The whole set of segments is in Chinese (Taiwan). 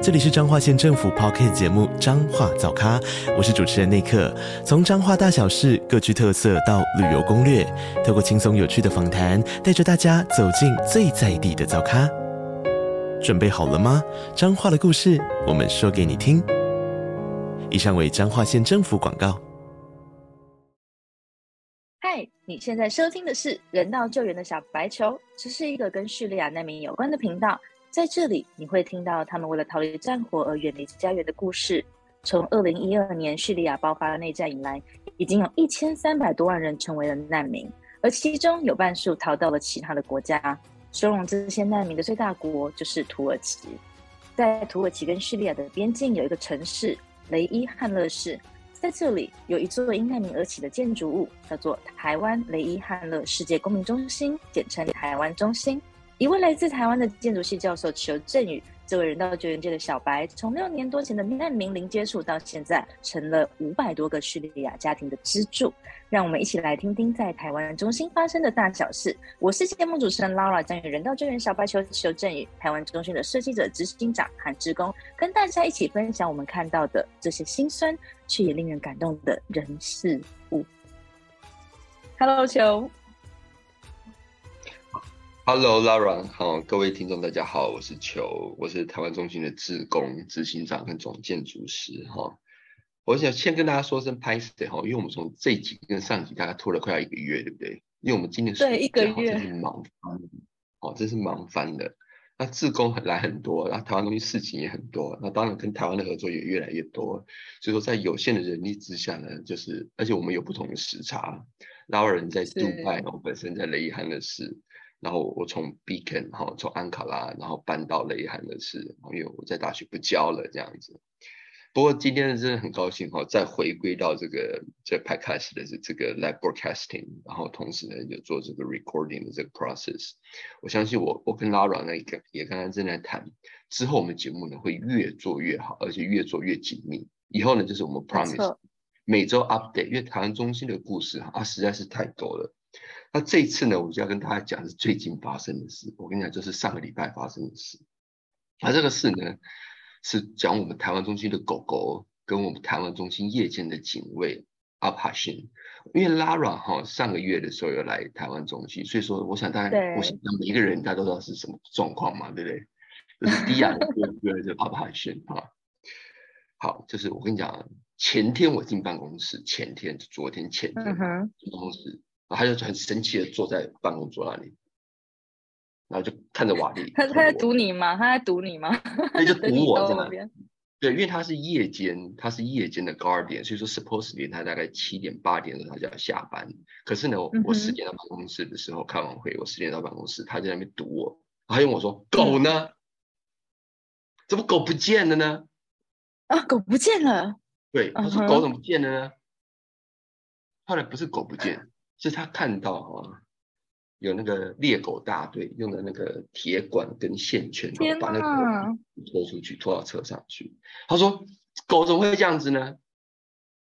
這裡是彰化縣政府 Podcast 節目《彰化早咖》，我是主持人內克。從彰化大小事各具特色到旅遊攻略，透過輕鬆有趣的訪談，帶着大家走進最在地的早咖。準備好了嗎？彰化的故事，我們說給你聽。以上為彰化縣政府廣告。嗨，你現在收聽的是人道救援的小白裘，這是一個跟敘利亞難民有關的頻道。在這裡，你會聽到他們為了逃離戰火而遠離家園的故事。從二零一二年敘利亞爆發的內戰以來，已經有一千三百多萬人成為了難民，而其中有半數逃到了其他的國家。收容這些難民的最大國就是土耳其。在土耳其跟敘利亞的邊境有一個城市雷伊漢勒市，在這裡有一座因難民而起的建築物，叫做台灣雷伊漢勒世界公民中心，簡稱台灣中心。一位來自台灣的建築系教授裘振宇，這位人道救援界的小白，從六年多前的難民零接觸，到現在成了五百多個敘利亞家庭的支柱。讓我們一起來聽聽在台灣中心發生的大小事。我是節目主持人勞拉，將與人道救援小白裘裘振宇，台灣中心的設計者、執行長和志工，跟大家一起分享我們看到的這些辛酸卻也令人感動的人事物。Hello，裘。Hello Lara，好、哦，各位聽眾大家好，我是裘，我是台灣中心的志工執行長跟總建築師哈、哦。我想先跟大家說聲拍死哈，因為我們從這一集跟上一集大概拖了快要一個月，對不對？因為我們今年對一個月真是忙翻，哦，真是忙翻的、哦、的。那志工來很，很多，然、啊、後台灣中心事情也很多，那、啊、當然跟台灣的合作也越來越多。所以說，在有限的人力之下呢，就是而且我們有不同的時差，拉人在杜拜我本身在雷伊漢勒市。然後我從 Beacon，哈，從安卡拉，然後搬到雷伊漢勒的是，因為我在大學不教了這樣子。不過今天真的很高興哈、哦，再回歸到這個這 Podcast 的這個 Live Broadcasting，然後同時呢就做這個 Recording 的這個 process。我相信我我跟 Lara 那個也剛剛正在談，之後我們節目呢會越做越好，而且越做越緊密。以後呢就是我們 Promise 每周 Update，因為台灣中心的故事啊實在是太多了。那這一次呢，我就要跟大家講是最近發生的事。我跟你講，就是上個禮拜發生的事。那這個事呢，是講我們台灣中心的狗狗跟我們台灣中心夜間的警衛 Abukhashun。因為拉拉哈上個月的時候有來台灣中心，所以說我想大家，我想每一個人大家都知道是什麼狀況嘛，對不對？就是迪亞跟這個 Abukhashun 哈。好，就是我跟你講，前天我進辦公室，前天，就昨天，前天辦、嗯、公室。然後他就很神奇的坐在辦公桌那裡，然後就看着瓦力。他 他在堵你嗎？他在堵你嗎？ 他就堵我在那裡 那邊。對，因為他是夜間，他是夜間的 Guardian，所以說 Supposely 他大概七點八點的時候他就要下班。可是呢，我十點到辦公室的時候開、嗯、完會，我十點到辦公室，他在那邊堵我，他跟我說狗呢、嗯？怎麼狗不見了呢？啊，狗不見了。對，他說狗怎麼不見了呢、啊呵呵？後來不是狗不見。是他看到哈、啊，有那個獵狗大隊用的那個鐵管跟線圈，把那個狗拖出去拖到車上去。他說：“狗怎麼會這樣子呢？”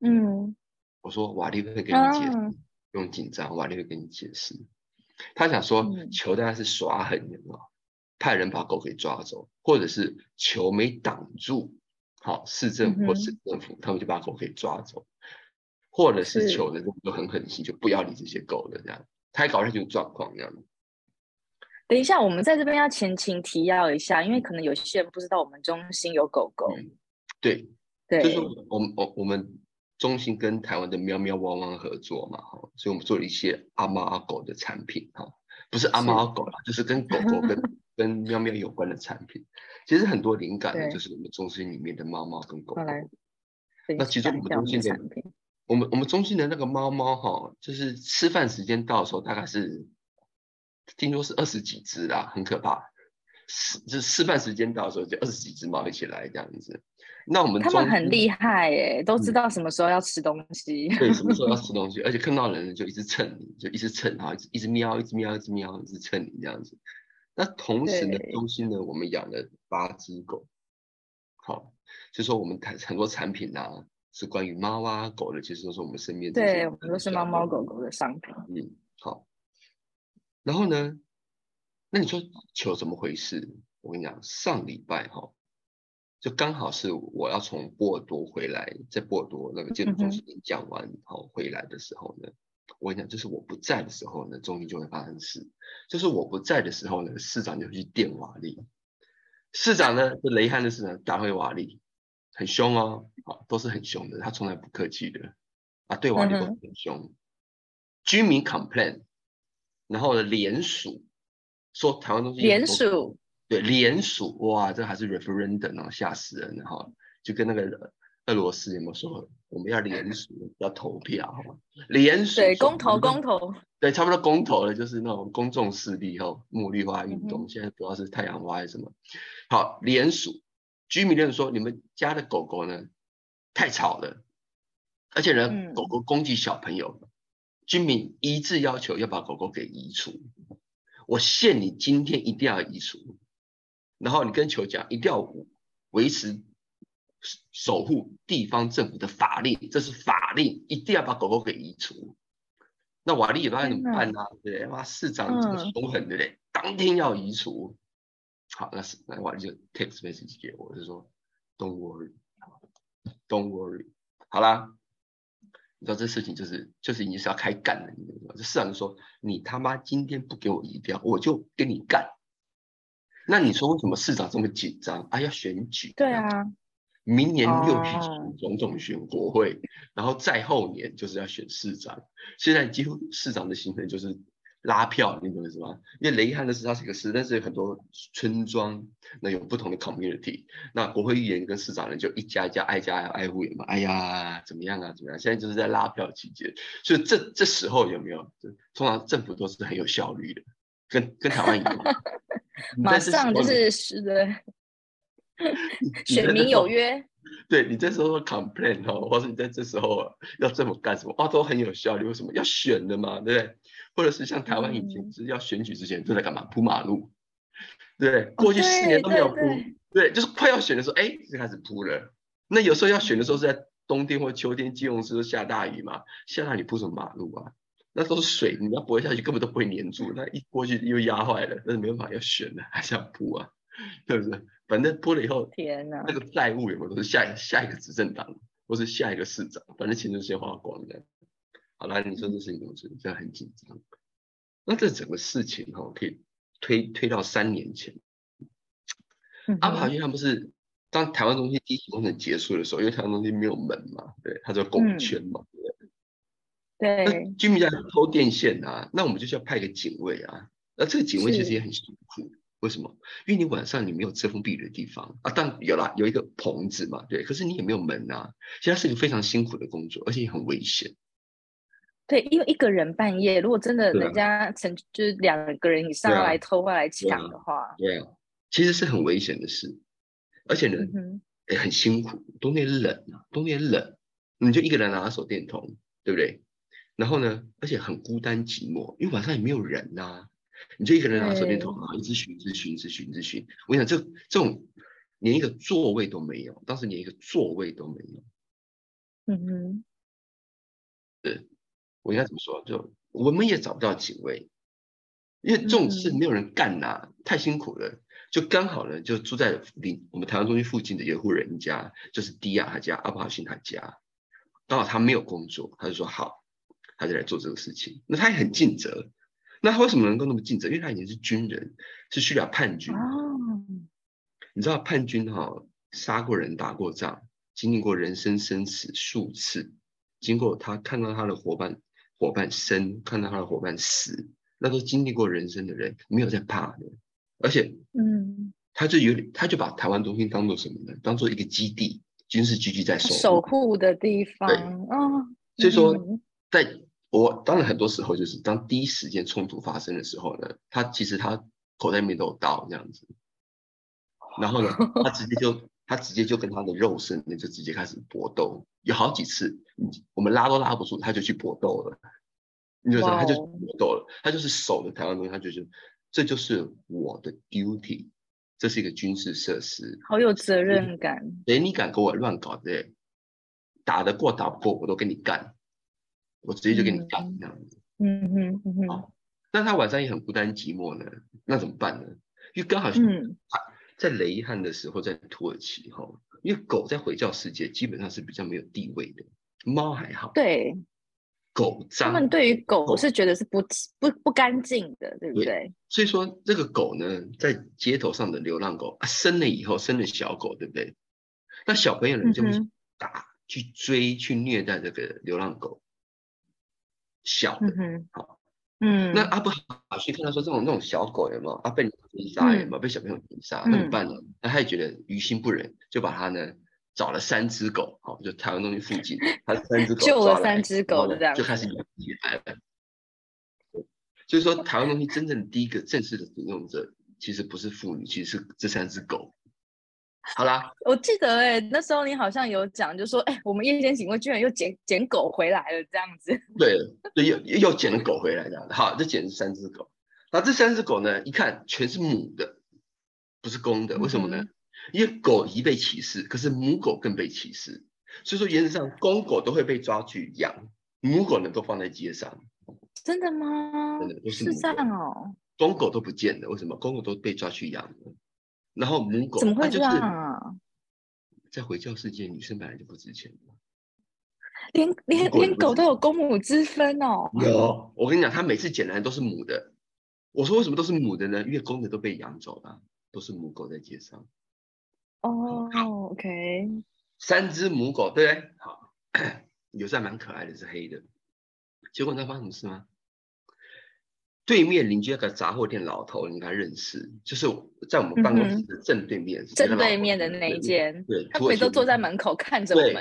嗯，我說瓦力會給你解釋，不、啊、用緊張，瓦力會給你解釋。他想說，球、嗯、大概是耍狠人啊、哦，派人把狗給抓走，或者是球沒擋住，好，市政府或省政府、嗯、他們就把狗給抓走。或者是求的就很狠心，就不要理這些狗了，這樣太搞這種狀況，這樣。等一下，我們在這邊要前情提要一下，因為可能有些人不知道我們中心有狗狗。嗯、對，對，就是我們、我、我們中心跟台灣的喵喵、汪汪合作嘛，哈，所以我們做了一些阿貓阿狗的產品，不是阿貓阿狗啦，是就是跟狗狗跟 跟喵喵有關的產品。其實很多靈感呢，就是我們中心裡面的貓貓跟狗狗。那其中我們中心的產品。我們我們中心的那個貓貓哈，就是吃飯時間到的時候，大概是聽說是二十幾隻啦，很可怕。就吃就是吃飯時間到的時候，就二十幾隻貓一起來這樣子。那我們他們很厲害耶、欸，都知道什麼時候要吃東西，嗯、對，什麼時候要吃東西， 而且看到人就一直蹭你，就一直蹭啊，一直喵，一直喵，一直喵，一直蹭你這樣子。那同時呢，中心呢，我們養了八只狗，好，就說我們很多產品啦、啊。是關於貓啊狗的，其實都是我們身邊的。對，那個、我們都是貓貓狗狗的傷口。嗯，好。然後呢，那你說裘怎麼回事？我跟你講，上禮拜哈、哦，就剛好是我要從波爾多回來，在波爾多那個建築中心講完後、嗯哦、回來的時候呢，我跟你講，就是我不在的時候呢，中心就會發生事。就是我不在的時候呢，市長就去電瓦力。市長呢，是雷漢的市長，打回瓦礫，很凶哦。好，都是很凶的，他從來不客氣的，啊，對我狗、啊、狗、嗯、很凶。居民 complain，然後呢，聯署說台灣東西聯署，對聯署，哇，這還是 referendum 哦，嚇死人哈！就跟那個俄羅斯有沒有說，我們要聯署、嗯，要投票，好嗎？聯署，對公投，公投，對，差不多公投了，就是那種公眾勢力哦。茉莉花運動、嗯、現在主要是太陽花還是什麼。好，聯署，居民就說，你們家的狗狗呢？太吵了，而且呢，狗狗攻擊小朋友、嗯，居民一致要求要把狗狗給移除。我限你今天一定要移除，然後你跟酋長一定要維持守護地方政府的法令，這是法令，一定要把狗狗給移除。那瓦利也不知道怎麼辦呢、啊？對不對？媽，市長這麼兇狠、嗯，對不對？當天要移除。好，那是那瓦利就 text message 給我，就說 don't worry。Don't worry，好啦，你知道這事情就是就是已經是要開幹了，你知道嗎？就市長就說你他媽今天不給我移掉，我就跟你幹。那你說為什麼市長這麼緊張啊？要選舉，對啊，明年又選總統、選國會，oh。然後再後年就是要選市長。現在幾乎市長的行程就是。拉票，你懂意思嗎？因為雷伊漢勒市他是一個市，但是有很多村莊那有不同的 community，那國會議員跟市長呢就一家一家挨家挨戶嘛，哎呀怎麼樣啊，怎麼樣、啊？現在就是在拉票期間，所以這這時候有沒有？通常政府都是很有效率的，跟跟台灣一樣，馬上就是是的， 選民有約。對你這時候，候 complain 哦，或是你在這時候要這麼幹什麼？哦、啊，都很有效率，為什麼要選的嘛？對不對？或者是像台灣以前是要選舉之前都在幹嘛？鋪馬路、嗯，對，過去四年都沒有鋪、哦，對，就是快要選的時候，哎、欸，就開始鋪了。那有時候要選的時候是在冬天或秋天，最容易下大雨嘛，下大雨鋪什麼馬路啊？那都是水，你要鋪下去根本都不會粘住、嗯，那一過去又壓壞了，那是沒有辦法要選了，還是要鋪啊？對不對？反正鋪了以後，天哪，那個債務永遠都是下下一個執政黨或是下一個市長，反正錢就先花光了。好啦，你說這事情總是這樣很緊張。那這整個事情哈、哦，可以推推到三年前。阿布卡西，嗯、他不是當台灣中心第一次工程結束的時候，因為台灣中心沒有門嘛，對，它就有拱圈嘛，嗯、對。居民家偷電線啊，那我們就需要派個警衛啊。那這個警衛其實也很辛苦，為什麼？因為你晚上你沒有遮風避雨的地方啊，但有啦，有一個棚子嘛，對。可是你也沒有門啊，其實它是一個非常辛苦的工作，而且也很危險。對，因為一個人半夜，如果真的人家成、啊、就是兩個人以上來偷話來搶的話，對、啊對、啊對啊，其實是很危險的事，而且呢也、嗯欸、很辛苦，冬天冷啊，冬天冷，你就一個人拿手電筒，對不對？然後呢，而且很孤單寂寞，因為晚上也沒有人吶、啊，你就一個人拿手電筒啊，一直尋一直尋一直尋一直尋，我跟你講這這種連一個座位都沒有，當時連一個座位都沒有，嗯哼，對。我應該怎麼說？就我們也找不到警衛，因為這種事沒有人幹吶、啊嗯，太辛苦了。就剛好呢，就住在附近，我們台灣中心附近的一戶人家，就是迪亞他家、阿帕興他家。剛好他沒有工作，他就說好，他就來做這個事情。那他也很盡責、嗯。那他為什麼能夠那麼盡責？因為他以前是軍人，是敘利亞叛軍。嗯、你知道叛軍哈，殺過人、打過仗，經歷過人生生死數次，經過他看到他的伙伴。伙伴生，看到他的伙伴死。那都經歷過人生的人，沒有在怕的。而且，嗯，他就有點，他就把台灣中心當做什麼呢？當做一個基地，軍事基地在守護，守護的地方。啊、哦，所以說，嗯、在我當然很多時候，就是當第一時間衝突發生的時候呢，他其實他口袋裡面都有刀這樣子，然後呢，他直接就。 他直接就跟他的肉身，那就直接開始搏鬥，有好幾次，我們拉都拉不住，他就去搏鬥了，你、wow. 就他就搏鬥了，他就是守著台灣東西，他就是，這就是我的 duty，這是一個軍事設施，好有責任感，誰你敢跟我亂搞的，打得過打不過我都跟你幹，我直接就跟你幹這樣子，嗯哼嗯哼，那他晚上也很孤單寂寞呢，那怎麼辦呢？因為剛好嗯。在雷伊漢的時候，在土耳其哈，因為狗在回教世界基本上是比較沒有地位的，貓還好。對，狗髒。他們對於狗是覺得是不不不乾淨的，對不對？對，所以說這個狗呢，在街頭上的流浪狗，啊、生了以後，生了小狗，對不對？那小朋友呢，嗯、就會打去追去虐待這個流浪狗，小的。嗯嗯，那阿布好好去看他說，這種那種小狗有沒有，阿你殺人沒有被小朋友殺，嗯，那怎麼辦呢？那，嗯，他也覺得於心不忍，就把他呢找了三隻狗，好，哦，就台灣東西附近，他三隻狗 救了三隻狗就開始養起來了。 就是說台灣東西真正的第一個正式的使用者，其實不是婦女，其實是這三隻狗。好啦，我記得哎、欸，那時候你好像有講，就說哎，我們夜間警衛居然又撿撿狗回來了這樣子。對了，對，又又撿狗回來了。好，這撿是三隻狗。那這三隻狗呢，一看全是母的，不是公的，為什麼呢、嗯？因為狗已被歧視，可是母狗更被歧視，所以說原則上公狗都會被抓去養，母狗呢都放在街上。真的嗎？真的，是這樣哦。公狗都不見了，為什麼？公狗都被抓去養。然後母狗，怎麼會這樣啊？啊，在回教世界，女生本來就不值錢了，連連狗錢連狗都有公母之分哦。有，我跟你講，他每次撿來都是母的。我說，為什麼都是母的呢？因為公的都被養走了，都是母狗在街上。哦、oh,，OK。三只母狗，對不對？好， 有隻還蠻可愛的，是黑的。結果你知道發生什麼事嗎？對面鄰居那個雜貨店老頭，應該認識，就是在我們辦公室的正對面是嗯嗯，正對面的那一間。對，他以都坐在門口看着我們。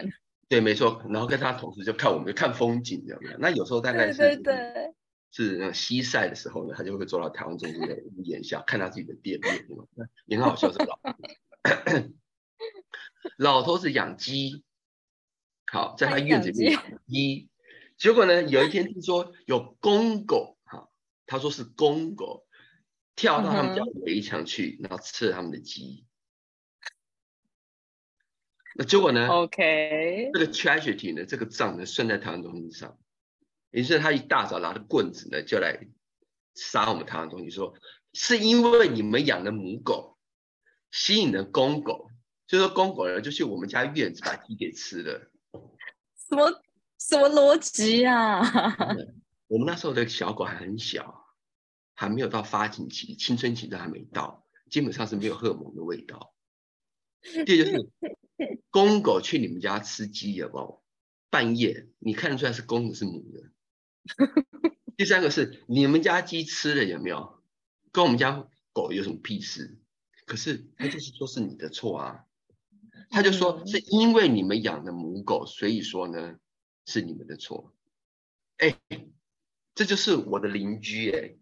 對，對沒錯。然後跟他同事就看我們，就看風景，怎麼那有時候大概是對對，對是那西曬的時候呢，他就會坐到台灣中心的，就的屋檐下看他自己的店面， 你很好笑是，是吧？老頭是養雞，好，在他院子裡養雞。養雞 結果呢，有一天聽說有公狗，他說是公狗跳到他們家圍牆去，uh -huh. 然後吃了他們的雞。那結果呢？OK。這個 tragedy 呢，這個賬呢，算在台灣中心上。於是他一大早拿着棍子呢，就來殺我們台灣中心，說是因為你們養的母狗吸引了公狗，所以說公狗呢就去我們家院子把雞給吃了。什麼什麼邏輯啊？ 我們那時候的小狗還很小，還沒有到發情期，青春期都還沒到，基本上是沒有荷爾蒙的味道。第二就是公狗去你們家吃雞的，有沒有，半夜你看得出來是公的，是母的？第三個是你們家雞吃的有沒有，跟我們家狗有什麼屁事？可是他就是說是你的錯啊，他就說是因為你們養的母狗，所以說呢是你們的錯。哎。這就是我的鄰居哎、欸，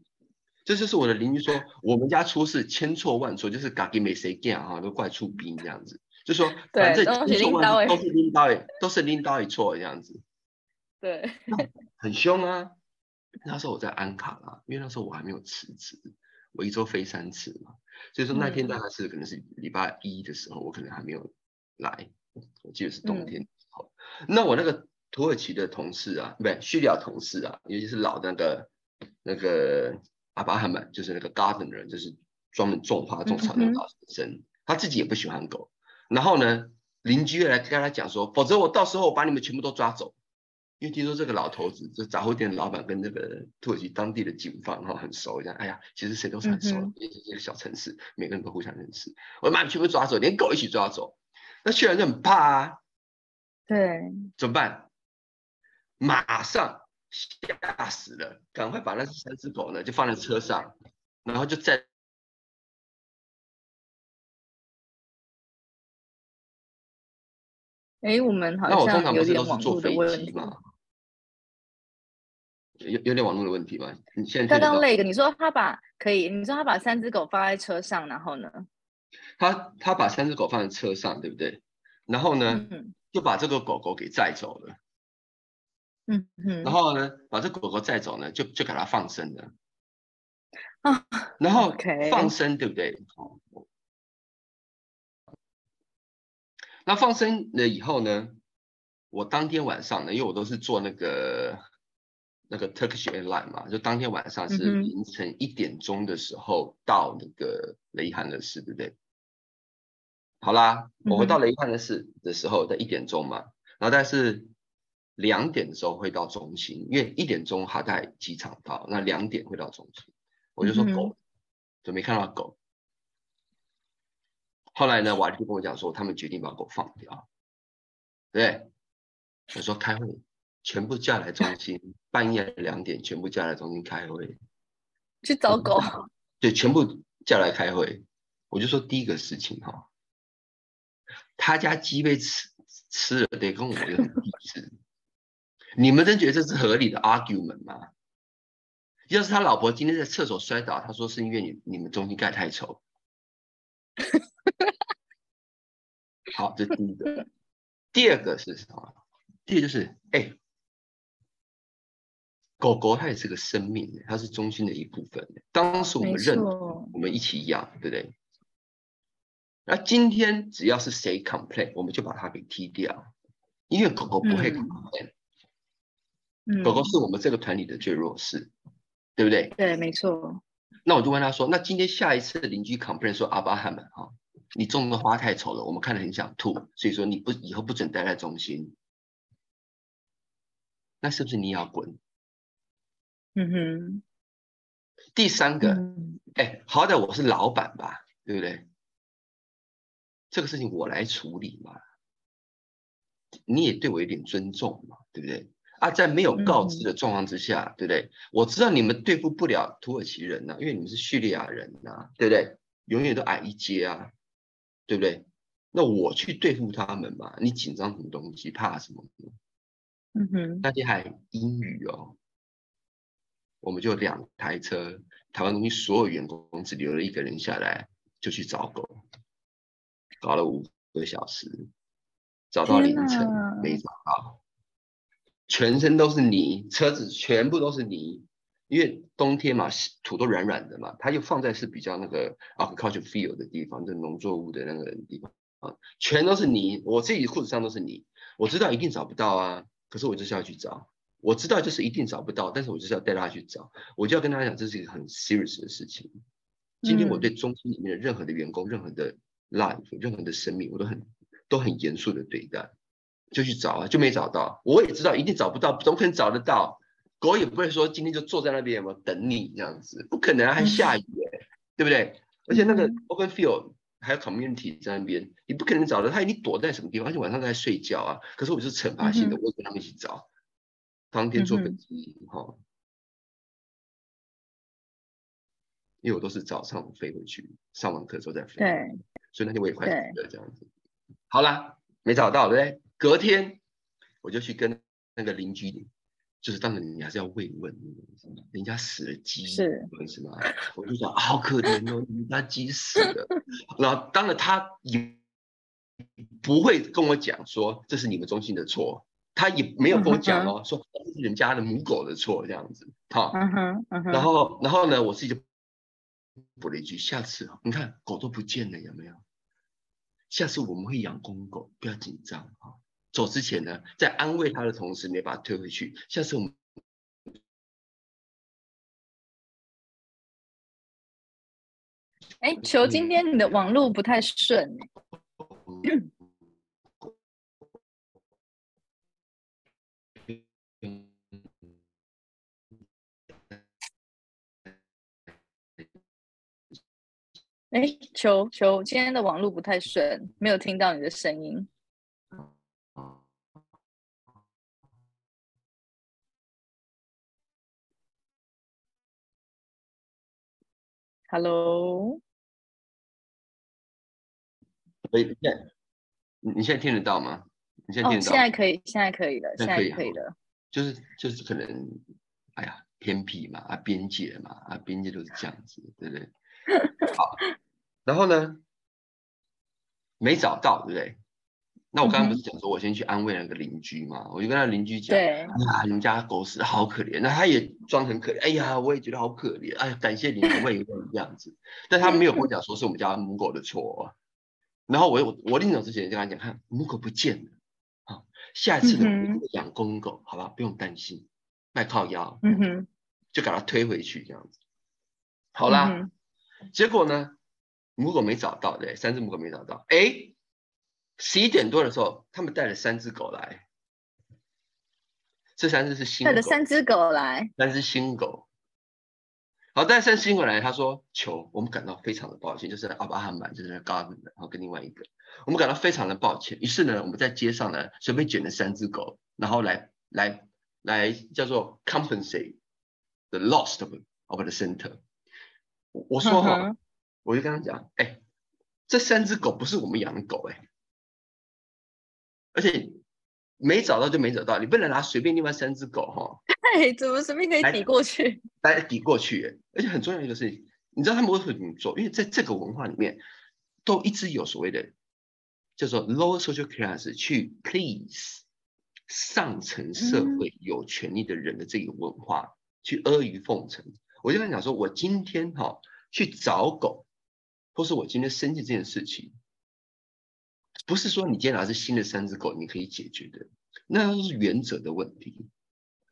這就是我的鄰居說我們家出事千錯萬錯就是 g a i 沒誰幹啊，都怪出兵這樣子，就說反正千錯萬錯都是領導一都是拎刀，都是一錯這樣子，對、啊，很凶啊。那時候我在安卡拉，因為那時候我還沒有辭職，我一周飛三次嘛，所以說那天大概是可能是禮拜一的時候，我可能還沒有來，我記得是冬天的時候，嗯、那我那個。土耳其的同事啊，不對，敘利亞同事啊，尤其是老那個那個阿巴哈曼，就是那個 garden 的人，就是專門種花種草的老先生、嗯，他自己也不喜歡狗。然後呢，鄰居又來跟他講說，否則我到時候我把你們全部都抓走。因為聽說這個老頭子，就雜貨店的老闆跟那個土耳其當地的警方哈很熟，這樣，哎呀，其實誰都是很熟的，因為是一個小城市，每個人都互相認識。我把你們全部抓走，連狗一起抓走。那敘利亞人就很怕啊，對，怎麼辦？馬上嚇死了！趕快把那三隻狗呢，就放在車上，然後就在。哎，我們好像有點網絡的問題吧？有有點網絡的問題吧？你現在剛剛那個，你說他把可以，你說他把三隻狗放在車上，然後呢？他他把三隻狗放在車上，對不對？然後呢，嗯、就把這個狗狗給載走了。嗯嗯，然後呢，把這狗狗帶走呢，就就給它放生了，oh, okay. 然後放生對不對，哦？那放生了以後呢，我當天晚上呢，因為我都是坐那個那個 Turkish airline 嘛，就當天晚上是凌晨一點鐘的時候到那個雷伊漢勒市，嗯、市，對不對？好啦，我回到雷伊漢勒市的時候在一點鐘嘛，嗯，然後但是。兩點的時候會到中心，因為一點鐘還在機場到，那兩點會到中心。我就說狗，嗯、就沒看到狗。後來呢，瓦力就跟我講說，他們決定把狗放掉。對，我說開會，全部叫來中心， 半夜兩點全部叫來中心開會。去找狗？ 對，全部叫來開會。我就說第一個事情哈、哦，他家雞被吃吃了，得跟我們解釋。 你們真覺得這是合理的 argument 嗎？要是他老婆今天在廁所摔倒，他說是因為你，你們中心蓋太醜。 好，這第一個。第二個是什麼？第二個就是，哎、欸，狗狗它也是個生命，它是中心的一部分。當時我們認同，我們一起養，對不對？那今天只要是誰 complain，我們就把它給踢掉，因為狗狗不會 complain。嗯狗狗是我們這個團裡的最弱勢，嗯，對不對？對，沒錯。那我就問他說：“那今天下一次的鄰居 complain 說阿巴哈們，哦，你種的花太醜了，我們看了很想吐，所以說你不，以後不准待在中心。那是不是你也要滾？”嗯哼。第三個，哎，嗯，欸，好歹我是老闆吧，對不對？這個事情我來處理嘛，你也對我有點尊重嘛，對不對？啊，在沒有告知的狀況之下、嗯，對不對？我知道你們對付不了土耳其人、啊、因為你們是敘利亞人吶、啊，對不對？永遠都矮一截啊，對不對？那我去對付他們吧，你緊張什麼東西？怕什麼？嗯哼，那天還陰雨哦，我們就兩台車，台灣中心所有員工只留了一個人下來，就去找狗，搞了五個小時，找到凌晨、啊、沒找到。全身都是泥，車子全部都是泥，因為冬天嘛，土都軟軟的嘛，它又放在是比較那個 agriculture field 的地方，就農作物的那個地方啊，全都是泥，我自己褲子上都是泥，我知道一定找不到啊，可是我就是要去找，我知道就是一定找不到，但是我就是要帶他去找，我就要跟大家講，這是一個很 serious 的事情。今天我對中心裡面的任何的員工、任何的 life、任何的生命，我都很都很嚴肅的對待。就去找啊，就沒找到。我也知道一定找不到，不可能找得到。狗也不會說今天就坐在那邊，我等你這樣子，不可能、啊，還下雨、嗯，對不對？而且那個 open field 還有 community 在那邊，你不可能找到它，他一定躲在什麼地方。而且晚上都在睡覺啊。可是我是懲罰性的，嗯、我會跟他們一起找。當天做跟進哈，因為我都是早上飛回去，上完課之後再飛，對，所以那天我也快死了這樣子。好啦，沒找到，對不對？隔天我就去跟那個鄰居，就是當然你還是要慰問，人家死了雞，是嘛？我就說好可憐哦，人家雞死了。 然後當然他也不會跟我講說這是你們中心的錯，他也沒有跟我講哦，嗯、哼哼說這是人家的母狗的錯這樣子，好、啊嗯嗯。然後然後呢，我自己就補了一句：下次你看狗都不見了有沒有？下次我們會養公狗，不要緊張哈。啊走之前呢，在安慰他的同時，你也把他推回去。下次我們、欸，哎，裘今天你的網絡不太順、欸。哎、嗯欸，裘裘，今天的網絡不太順，沒有聽到你的聲音。Hello，可以現在，你你現在聽得到嗎？你現在聽得到？哦，現在可以，現在可以了，現在可以啊，現在可以了。就是就是可能，哎呀，偏僻嘛，啊，邊界嘛，啊，邊界都是這樣子，對不對？ 好，然後呢，沒找到，對不對？那我剛剛不是講說，我先去安慰那個鄰居嘛，我就跟他鄰居講，哎呀，你、啊、們家狗死好可憐，那他也裝成可憐，哎呀，我也覺得好可憐，哎呀，感謝你安慰我這樣子，但他沒有跟我講說是我們家母狗的錯、哦， 然後我我，我臨走之前跟他講，看母狗不見了，啊、下次我們養公狗、嗯，好吧，不用擔心，賣靠腰，嗯、就給它推回去這樣子，好啦、嗯，結果呢，母狗沒找到，對，三只母狗沒找到，誒十一點多的時候，他們帶了三只狗來，這三只是新狗。帶了三只狗來，三只新狗。好，帶三只新狗來，他說裘，我們感到非常的抱歉，就是阿巴哈滿，就是高阿的，然後跟另外一個，我們感到非常的抱歉。於是呢，我們在街上呢，隨便撿了三只狗，然後來來來，來叫做 compensate the lost of the center。我說好，我就跟他講，哎、欸，這三只狗不是我們養的狗、欸，哎。而且沒找到就沒找到，你不能拿隨便另外三隻狗哈。對、哎，怎麼隨便可以抵過去？大家抵過去，而且很重要一個事情，你知道他們為什麼這麼做？因為在這個文化裡面，都一直有所謂的叫做 lower social class 去 please 上層社會有權利的人的這個文化，嗯、去阿諛奉承。我就跟你講說，我今天哈去找狗，或是我今天生氣這件事情。不是說你今天拿着新的三隻狗，你可以解決的，那都是原則的問題。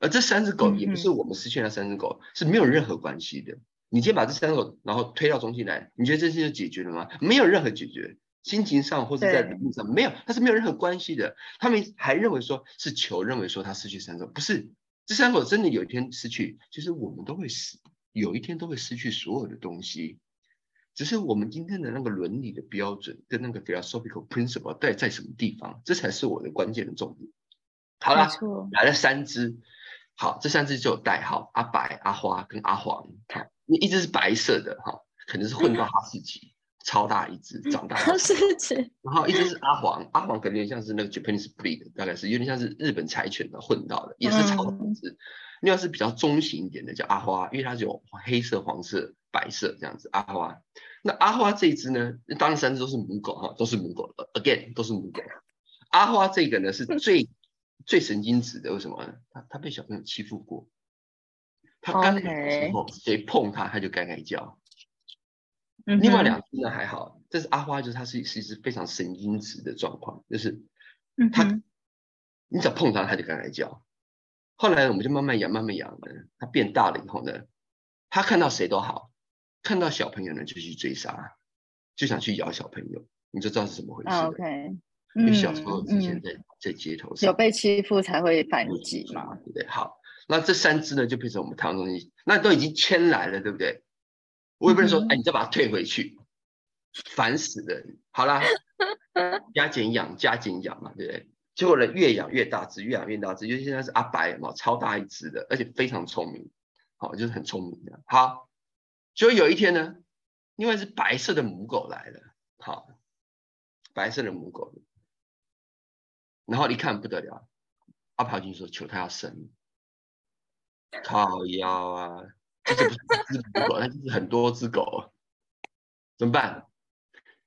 而這三隻狗也不是我們失去那三隻狗，嗯嗯，是沒有任何關係的。你今天把這三隻狗，然後推到中心來，你覺得這事就解決了嗎？沒有任何解決，心情上或者在理論上沒有，它是沒有任何關係的。他們還認為說，是裘，認為說他失去三隻狗，不是這三隻狗真的有一天失去，其實我們都會死，有一天都會失去所有的東西。只是我們今天的那個倫理的標準跟那個 philosophical principle 在在什麼地方，這才是我的關鍵的重點。好啦，來了三隻，好，這三隻就有代號：阿白、阿花跟阿黃。你看，你一隻是白色的哈，可能是混到哈士奇、嗯、超大一隻，長大哈士奇。 一隻 然後一隻是阿黃，阿黃可能像是那個 Japanese breed，大概是有點像是日本柴犬的混到的，也是超大一隻、嗯。另外是比較中型一點的叫阿花，因為它有黑色黃色。白色這樣子，阿花那阿花這隻呢？當然三隻都是母狗哈，都是母狗。Again，都是母狗。阿花這個呢是最 最神經質的，為什麼呢？它它被小朋友欺負過，它剛來的時候，誰、okay. 碰它，它就嘎嘎叫、嗯。另外兩隻呢還好，但是阿花就是它是一是一隻非常神經質的狀況，就是它、嗯、你只要碰它，它就嘎嘎叫。後來我們就慢慢養，慢慢養的，它變大了以後呢，它看到誰都好。看到小朋友呢，就去追殺，就想去咬小朋友，你就知道是怎麼回事、啊。OK，、嗯、因為小時候之前在在，、嗯、在街頭上有被欺負才會反擊嘛，對不對？好，那這三隻呢，就變成我們台灣中心，那都已經牽來了，對不對？我也不能說，哎、嗯欸，你再把它退回去，煩死的人。好啦， 加減養，加減養嘛，對不對？結果呢，越養越大隻，越養越大隻，因為現在是阿白嘛，超大一隻的，而且非常聰明，好、哦，就是很聰明的。好。就有一天呢，因為是白色的母狗來了，好，白色的母狗，然後一看不得了，阿跑進說求他要生，靠腰啊，這不是一只母狗，那就是很多只狗，怎麼辦？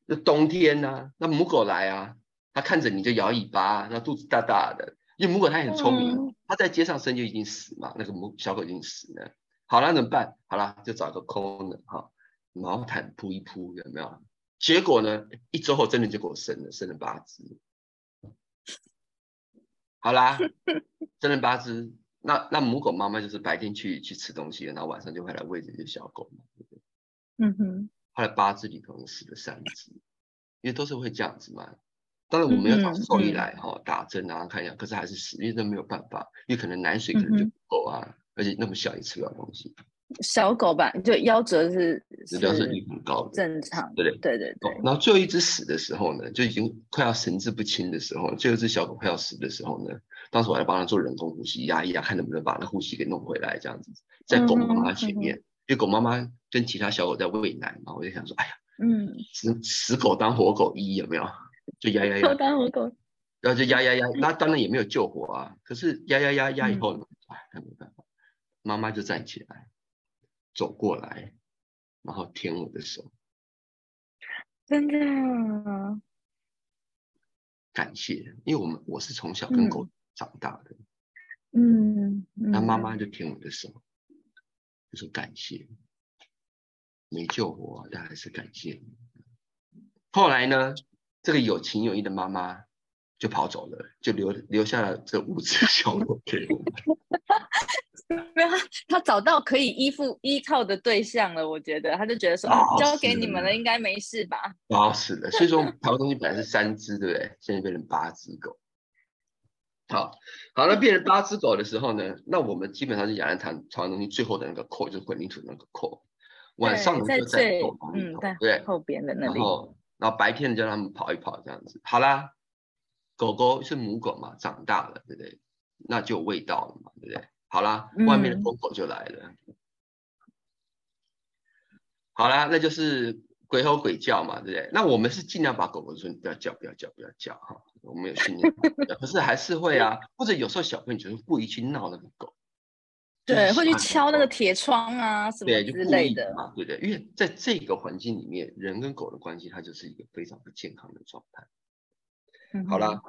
那冬天呢、啊？那母狗來啊，它看着你就搖尾巴，那肚子大大的，因為母狗它很聰明、嗯，它在街上生就已經死嘛，那個母小狗已經死了。好啦，怎麼辦？好啦，就找一個空的、哦，哈，毛毯鋪一鋪，有沒有？結果呢？一周後，真的就給我生了，生了八隻。好啦， 生了八隻。那那母狗媽媽就是白天去去吃東西，然後晚上就回來餵這些小狗嘛。對對嗯哼。後來八隻裡頭死了三隻，因為都是會這樣子嘛。當然，我們要找獸醫來哈、嗯，打針啊，看一下。可是還是死，因為這沒有辦法，因為可能奶水可能就不夠啊。嗯而且那麼小也吃不了東西，小狗吧，就夭折是，夭折率很高，正常，對對，對對對。哦。然後最後一只死的時候呢，就已經快要神志不清的時候，最後一只小狗快要死的時候呢，當時我還幫它做人工呼吸，壓一壓看能不能把那呼吸給弄回來，這樣子，在狗媽媽前面，嗯嗯嗯嗯，因為狗媽媽跟其他小狗在餵奶嘛，我就想說，哎呀，嗯，死死狗當活狗醫有沒有？就壓一壓一壓，當活狗，然後就壓壓壓，那當然也沒有救活啊，可是壓一壓壓壓以後呢，哎、嗯，那沒辦法。媽媽就站起來，走過來，然後舔我的手。真的啊，感謝，因為我們我是從小跟狗長大的。嗯，那、嗯嗯、媽媽就舔我的手，就說感謝，沒救我，但還是感謝你。後來呢，這個有情有義的媽媽。就跑走了，就留留下了這五只小狗給我們 沒有啊，他找到可以依附依靠的對象了，我覺得他就覺得說、哦，交給你們了，哦、應該沒事吧？啊、哦，是的。所以說，台灣中心本來是三只，對不對？現在變成八只狗。好，好那變成八只狗的時候呢， 那我們基本上是養在台灣中心最後的那個扣，就是混凝土那個扣，晚上就在最嗯，在後邊的那裡然後, 然後白天叫他們跑一跑，這樣子。好啦狗狗是母狗嘛，長大了，對不對？那就有味道了嘛，對不對？好啦，外面的公狗就來了、嗯。好啦，那就是鬼吼鬼叫嘛，對不對？那我們是盡量把狗狗說你不要叫，不要叫，不要叫，不要叫哈，我們有訓練。 可是還是會啊，或者有時候小朋友就是故意去鬧那個狗。對，就是、會去敲那個鐵窗啊，對啊什麼之類的嘛，對不對？因為在這個環境裡面，人跟狗的關係它就是一個非常不健康的狀態。好啦。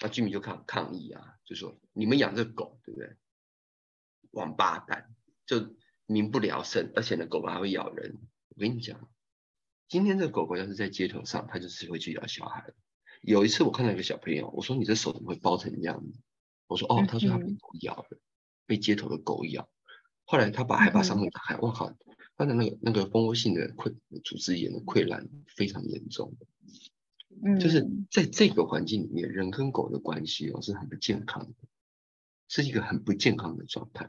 那居民就抗抗議啊，就說你們養這狗對不對？王八蛋，就民不聊生，而且呢，狗還會咬人。我跟你講，今天這狗狗要是在街頭上，它就是會去咬小孩。有一次我看到一個小朋友，我說你這手怎麼會包成這樣呢？我說哦，他說他被狗咬了、嗯，被街頭的狗咬。後來他把還把傷口打開，我、嗯、靠，他的那個那個蜂窩性的潰組織炎的潰爛非常嚴重。嗯，就是在這個環境裡面、嗯，人跟狗的關係哦是很不健康的，是一個很不健康的狀態。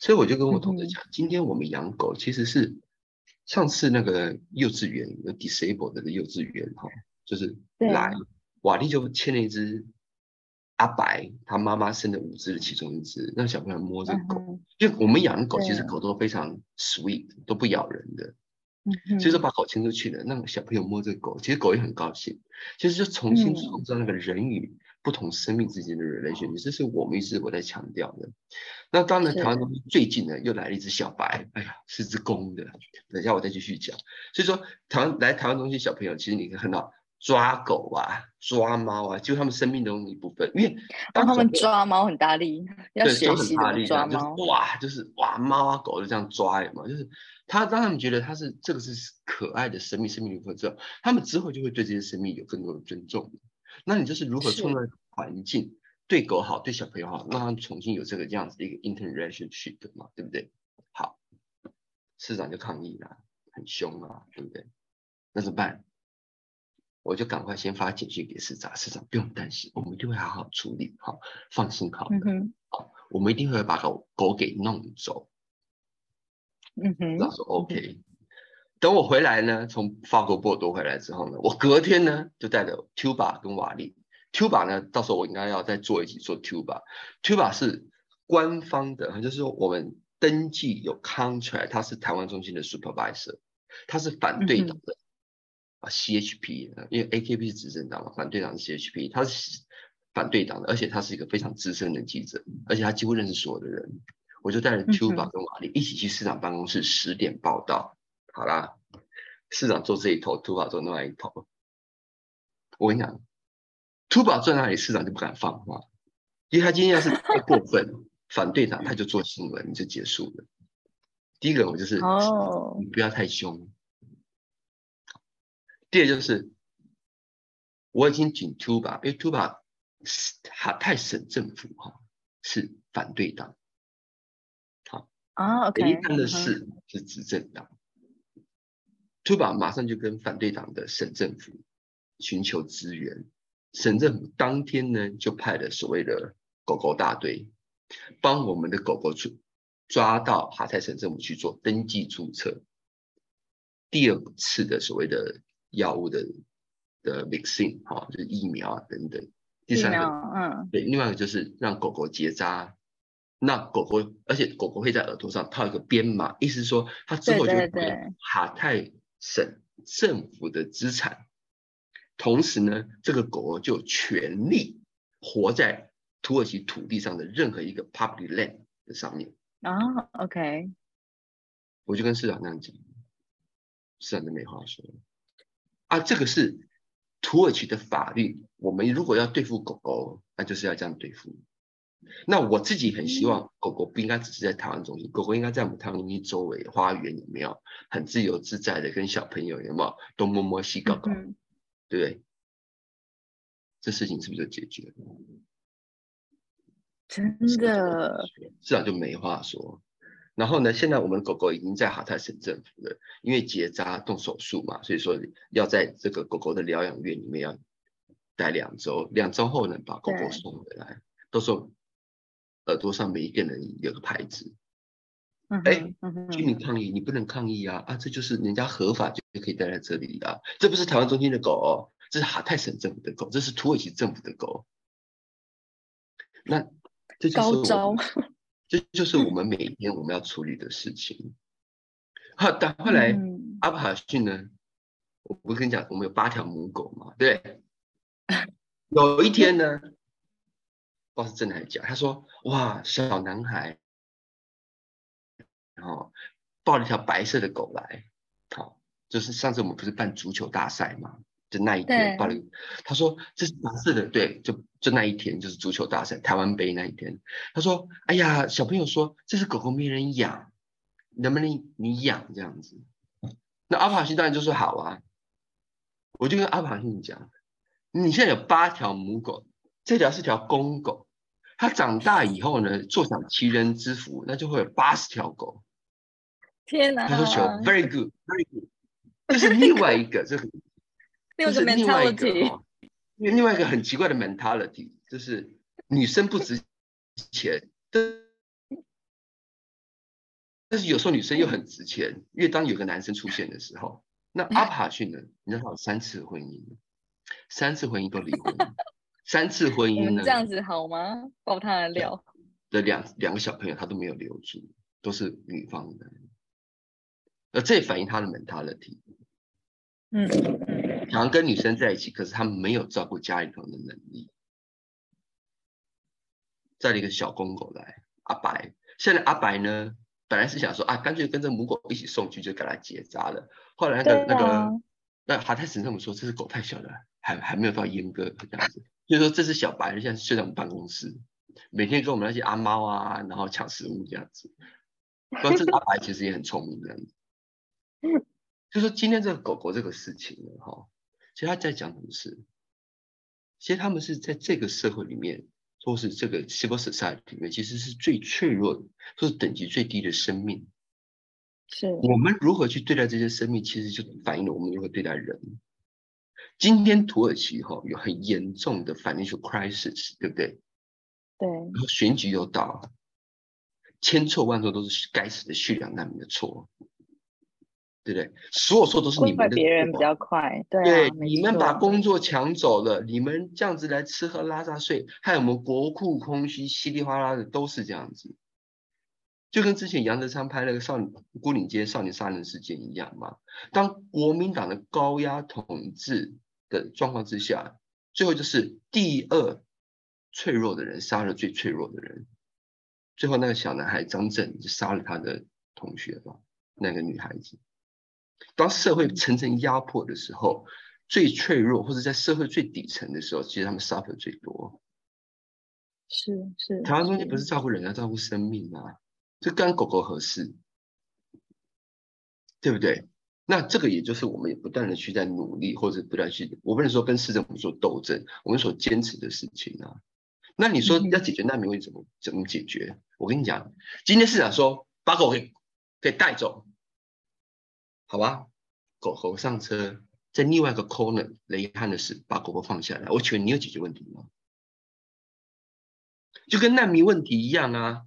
所以我就跟我同事講、嗯，今天我們養狗其實是上次那個幼稚園，有 disabled 的幼稚園哈、哦，就是來瓦力就牽了一隻阿白，他媽媽生的五隻的其中一隻，讓小朋友摸這個狗、嗯。就我們養的狗，其實狗都非常 sweet，、嗯、都不咬人的。嗯、所以說把狗牽出去了，那個小朋友摸著狗，其實狗也很高興。其實就重新創造那個人與不同生命之間的 relation，、嗯、這是我們一直我在強調的。那當然，台灣中心最近呢又來了一隻小白，哎呀，是隻公的。等一下我再繼續講。所以說，台灣來台灣中心小朋友，其實你可以看到。抓狗啊，抓貓啊，就他們生命中的一部分，因為當、啊、他們抓貓很大力，要學習的抓貓，抓很大力的抓貓，就是，哇，就是哇貓啊狗就這樣抓嘛，就是他當他們覺得他是這個是可愛的生命，生命的一部分，之後他們之後就會對這些生命有更多的尊重。那你就是如何創造環境，對狗好，對小朋友好，讓他們重新有這個這樣子的一個 inter-relationship 嘛，對不對？好，市長就抗議啦，啊，很凶啊，對不對？那怎麼辦？我就趕快先發簡訊給市長，市長不用擔心，我們一定會好好處理，好，放心好了，好、mm -hmm.，好，我們一定會把狗狗給弄走。嗯哼，他說 OK，、mm -hmm. 等我回來呢，從法國波爾多回來之後呢，我隔天呢就帶着 Tuba 跟瓦利。Tuba 呢到時候我應該要再做一次做 Tuba，Tuba 是官方的，就是說我們登記有 contract，他是台灣中心的 supervisor，他是反對黨的。Mm -hmm. 啊，C H P，因為 A K P 是執政黨嘛，反對黨是 C H P，他是反對黨的，而且他是一個非常資深的記者，而且他幾乎認識所有的人。我就帶着 Tuba 跟瓦力一起去市長辦公室十、嗯、點報到。好啦，市長坐這一頭，Tuba 坐另外一頭。我跟你講，Tuba 坐在那裡，市長就不敢放話，因為他今天要是太過分， 反對黨他就做新聞你就結束了。第一個，我就是、oh. 你不要太凶。也就是我已經請 Tuba，因為 Tuba 是哈泰省政府哈、啊、是反對黨，好啊，另一端的是是執政黨、okay.，Tuba 馬上就跟反對黨的省政府尋求支援，省政府當天呢就派了所謂的狗狗大隊，幫我們的狗狗去抓到哈泰省政府去做登記注冊，第二次的所謂的。.藥物的的 mixing、哦、哈，就是疫苗啊等等。疫苗，第三個嗯，對，另外一個就是讓狗狗結紮。那狗狗，而且狗狗會在耳朵上套一個編碼，意思是說它之後就是哈泰省政府的資產。對對對，同時呢，這個狗，狗就有權利活在土耳其土地上的任何一個 public land 的上面。啊、哦、OK。我就跟市長那樣講，市長就沒話說。啊，這個是土耳其的法律。我們如果要對付狗狗，那就是要這樣對付。那我自己很希望狗狗不應該只是在台灣中心，嗯、狗狗應該在我們台灣中心周圍花園裡面，很自由自在的跟小朋友有沒有都摸摸西搞搞，對、嗯、不、嗯、對？這事情是不是就解決了？真的，至少就沒話說。然後呢，現在我們的狗狗已經在哈泰省政府了，因為結紮動手術嘛，所以說要在這個狗狗的療養院裡面要待兩周。兩周後呢，把狗狗送回來，到時候耳朵上面一個人有個牌子。哎、嗯嗯，居民抗議，你不能抗議啊！啊，這就是人家合法就可以待在這裡的、啊，這不是台灣中心的狗、哦，這是哈泰省政府的狗，這是土耳其政府的狗。那這就是我高招。這就，就是我們每天我們要處理的事情。好，但後來、嗯、阿布哈遜呢？我不是跟你講，我們有八條母狗嘛？對。有一天呢，不知道是真的還是假，他說：“哇，小男孩，然、哦、後抱了一條白色的狗來。哦”好，就是上次我們不是辦足球大賽嗎？就那一天，他說這是白色的，對，就就那一天，就是足球大賽，台灣杯那一天。他說：“哎呀，小朋友說這隻狗狗沒人養，能不能你養這樣子？”那阿帕西當然就說：“好啊。”我就跟阿帕西講：“你現在有八條母狗，這條是條公狗，它長大以後呢，坐享齊人之福，那就會有八十條狗。”天哪、啊！他說：“好，very good，very good very。Good. ” 這是另外一個這個。 這是另外一個，因為、哦、另外一個很奇怪的 mentality 就是女生不值錢， 但是有時候女生又很值錢，因為當有個男生出現的時候，那阿帕遜呢，你知道他有三次婚姻， 三次婚姻都離婚， 三次婚姻呢這樣子好嗎？爆他的料的兩兩個小朋友他都沒有留住，都是女方的，那這也反映他的 mentality。嗯，常跟女生在一起，可是他沒有照顧家裡頭的能力。帶了一個小公狗來，阿白。現在阿白呢，本來是想說啊，乾脆跟着母狗一起送去，就給他結紮了。後來那個、啊、那個，那哈台省這麼說，這只狗太小了，還還沒有到閹割這樣子。就是、說這只小白現在睡在我們辦公室，每天跟我們那些阿貓啊，然後搶食物這樣子。不過這阿白其實也很聰明這樣子。 就說今天這個狗狗這個事情呢，哈，其實他在講什麼事？其實他們是在這個社會裡面，或是這個 civil society 裡面，其實是最脆弱的，就是等級最低的生命。是。我們如何去對待這些生命，其實就反映了我們如何對待人。今天土耳其哈、哦、有很嚴重的 financial crisis，對不對？對。然後選舉又到，千錯萬錯都是該死的敘利亞難民的錯。對不對？所有錯都是你們的。怪別人比較快，對啊，對，你們把工作搶走了，你們這樣子來吃喝拉撒睡，害我們國庫空虛稀里嘩啦的，都是這樣子。就跟之前楊德昌拍那個少女《牯嶺街少年殺人事件》一樣嘛。當國民黨的高壓統治的狀況之下，最後就是第二脆弱的人殺了最脆弱的人。最後那個小男孩張震就殺了他的同學吧，那個女孩子。當社會層層壓迫的時候，嗯、最脆弱或者在社會最底層的時候，其實他們殺 u 最多。是是，台灣中間不是照顧人，要照顧生命啊，這跟狗狗合適，對不對？那這個也就是我們也不斷的去在努力，或者不斷去，我不能說跟市政府做鬥爭，我們所堅持的事情啊。那你說要解決難民問題怎麼怎麼解決？我跟你講，今天市長說把狗給給帶走。好吧、啊，狗狗上車，在另外一個 corner 遺憾的是，把狗狗放下來。我請問你有解決問題嗎？就跟難民問題一樣啊，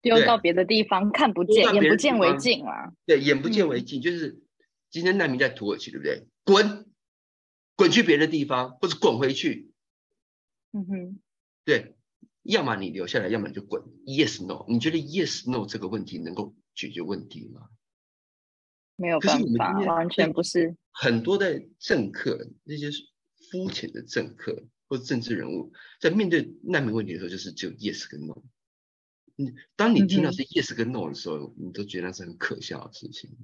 丟到別的地方，地方看不見，眼不見為淨啊、嗯。對，眼不見為淨，就是今天難民在土耳其，對不對？滾，滾去別的地方，或者滾回去。嗯哼，對，要麼你留下來，要麼你就滾。Yes、嗯、no？你覺得 Yes no 這個問題能夠解決問題嗎？沒有辦法，可是我們完全不是很多的政客，是那些膚淺的政客或者政治人物，在面對難民問題的時候，就是只有 yes 跟 no。你當你聽到是 yes 跟 no 的時候、嗯，你都覺得那是很可笑的事情。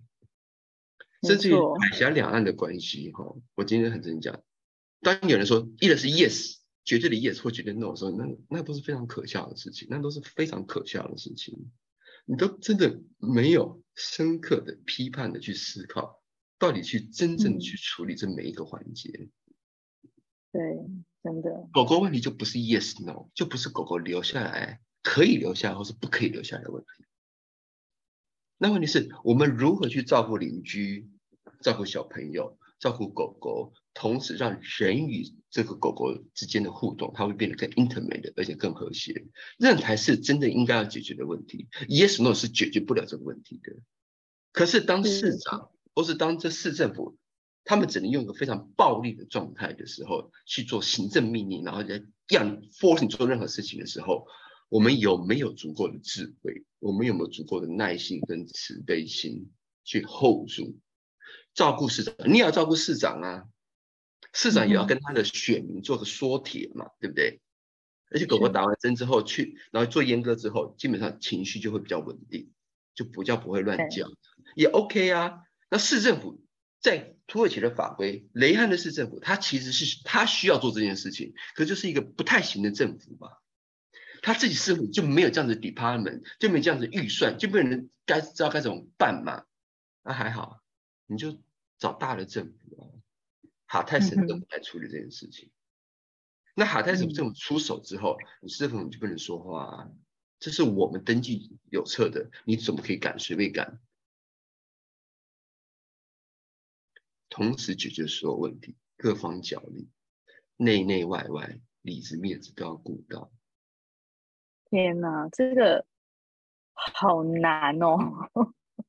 甚至於海峽兩岸的關係，哈、哦，我今天很真講，當有人說一個是 yes，絕對的 yes 或絕對的 no 的時候，那那都是非常可笑的事情，那都是非常可笑的事情。你都真的沒有深刻的批判的去思考，到底去真正去處理這每一個環節。嗯，對，真的。狗狗問題就不是 yes no，就不是狗狗留下來可以留下或是不可以留下來的問題。那問題是我們如何去照顧鄰居，照顧小朋友，照顧狗狗，同時讓人與這個狗狗之間的互動，它會變得更 intimate 的，而且更和諧。任才是真的應該要解決的問題。Yes、嗯、no 是解決不了這個問題的。可是當市長、嗯，或是當這市政府，他們只能用一個非常暴力的狀態的時候，去做行政命令，然後讓 force 你做任何事情的時候，我們有沒有足夠的智慧？我們有沒有足夠的耐心跟慈悲心去 hold 住？照顧市長，你也要照顧市長啊。市長也要跟他的選民做個說帖嘛，mm -hmm. 對不對？而且狗狗打完針之後去，然後做閹割之後，基本上情緒就會比較穩定，就不叫不會亂叫，也 OK 啊。那市政府在土耳其的法規，雷漢的市政府，他其實是他需要做這件事情，可就是一個不太行的政府嘛。他自己市政府就沒有這樣子的 department，就沒有這樣子的預算，就沒有人該知道該怎麼辦嘛。那、啊、還好，你就找大的政府哈台省都不來處理這件事情。嗯，那哈台省這麼出手之後，嗯、你市政府就不能說話、啊？這是我們登記有冊的，你怎麼可以趕隨便趕？同時解決所有問題，各方角力，內內外外，裡子面子都要顧到。天哪，這個好難哦。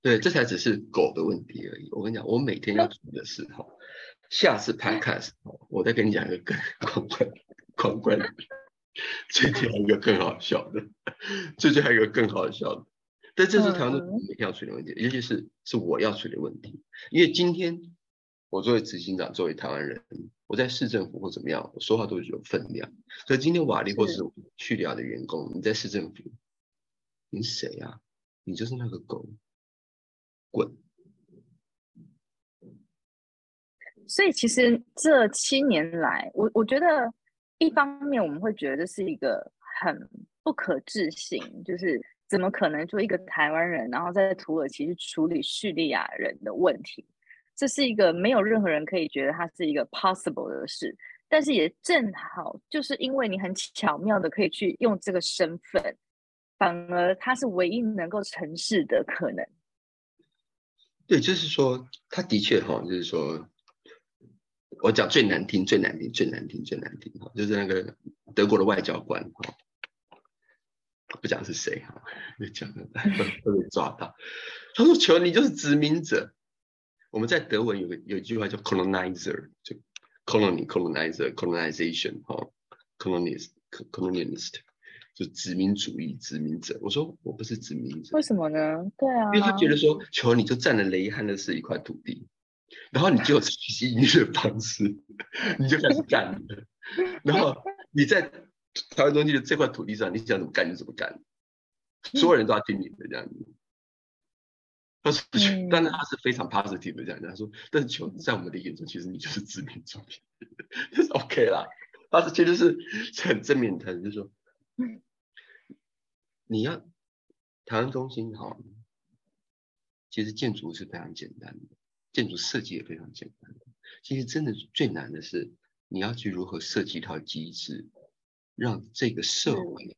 對，這才只是狗的問題而已。我跟你講，我每天要處理的事哈。 下次 p 卡的 c a s t 我再跟你講一個更的怪，狂怪的，最近還有一個更好笑的。最近還有一個更好笑的。但這是台灣每天要處理的問題，嗯，尤其是是我要處理的問題。因為今天我作為執行長，作為台灣人，我在市政府或怎麼樣，我說話都是有分量。所以今天瓦力或是去掉的員工，你在市政府，你誰啊？你就是那個狗，滾！所以其實這七年來，我我覺得一方面我們會覺得是一個很不可置信，就是怎麼可能做一個台灣人，然後在土耳其去處理敘利亞人的問題？這是一個沒有任何人可以覺得它是一個 possible 的事。但是也正好就是因為你很巧妙的可以去用這個身份，反而他是唯一能夠成事的可能。對，就是說他的確哈，就是說。我講最難聽，最難聽，最難聽，最難聽哈，就是那個德國的外交官哈，不講是誰哈，又講，就被抓到。 他說：“裘你就是殖民者。”我們在德文有個有一句話叫 “colonizer”，就 “colony colonizer colonization” 哈，“colonist colonist” 就殖民主義、殖民者。我說我不是殖民者，為什麼呢？對啊，因為他覺得說裘你就占了雷伊漢勒的是一塊土地。然後，你就學習音樂方式， 你就開始幹的。然後你在台灣中心的這塊土地上，你想怎麼幹就怎麼幹，所有人都要聽你的這樣子。嗯、他，他，樣子他說，但是他是非常 positive 的這樣講，他說，但裘在我們的眼中，其實你就是殖民作品，就是 OK 啦。他是其實、就是、是很正面他就是說，你要台灣中心好，其實建築是非常簡單的。建築設計也非常簡單，其實真的最難的是你要去如何設計一套機制，讓這個社會